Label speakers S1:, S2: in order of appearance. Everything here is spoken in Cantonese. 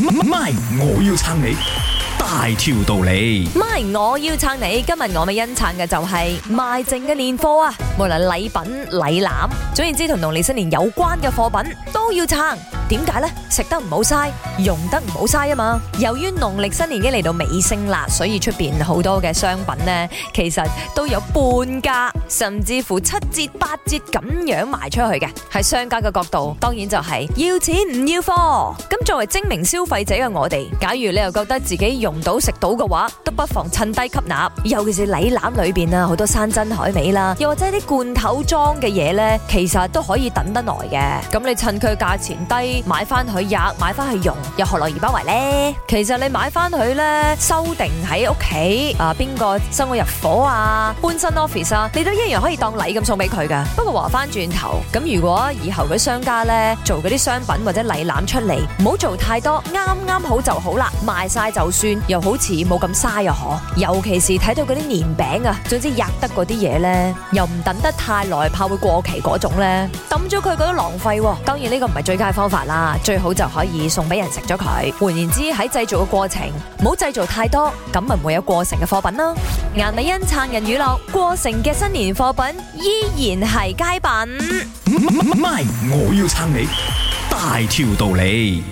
S1: 咪，我要撐你大條道理。
S2: 咪，我要撐你。今日我咪因撐嘅就係賣剩嘅年貨啊，無論禮品禮籃，總言之同農曆新年有關嘅貨品都要撐。點解呢？食得唔好嘥，用得唔好嘥啊嘛！由於農曆新年已經嚟到尾聲啦，所以出邊好多嘅商品呢，其實都有半價，甚至乎七折八折咁樣賣出去嘅。喺商家嘅角度，當然就係要錢唔要貨。咁作為精明消費者嘅我哋，假如你又覺得自己用到食到嘅話，都不妨趁低吸納。尤其是禮籃裏邊啦，好多山珍海味啦，又或者啲罐頭裝嘅嘢呢，其實都可以等得耐嘅。咁你趁佢價錢低。買翻去吔，買翻去用，又何樂而不為呢？其實你買翻去呢，收定喺屋企啊，邊個新屋入伙，啊，搬新 office 啊，你都一樣可以當禮咁送俾佢噶。不過話翻轉頭，咁如果以後嘅商家呢，做嗰啲商品或者禮籃出嚟，唔好做太多，啱啱好就好啦，賣晒就算，又好似冇咁嘥啊嗬，尤其是睇到嗰啲年餅啊，總之吔得嗰啲嘢呢，又唔等得太耐，怕會過期嗰種呢，抌咗佢覺得浪費啊。當然呢個唔係最佳方法。啦，最好就可以送俾人食咗佢。換言之，喺製造嘅過程，唔好製造太多，咁咪會有過剩嘅貨品囉。顏美欣撐人娛樂，過剩嘅新年貨品依然係佳品。
S1: 唔、嗯、係、嗯，我要撐你，大條道理。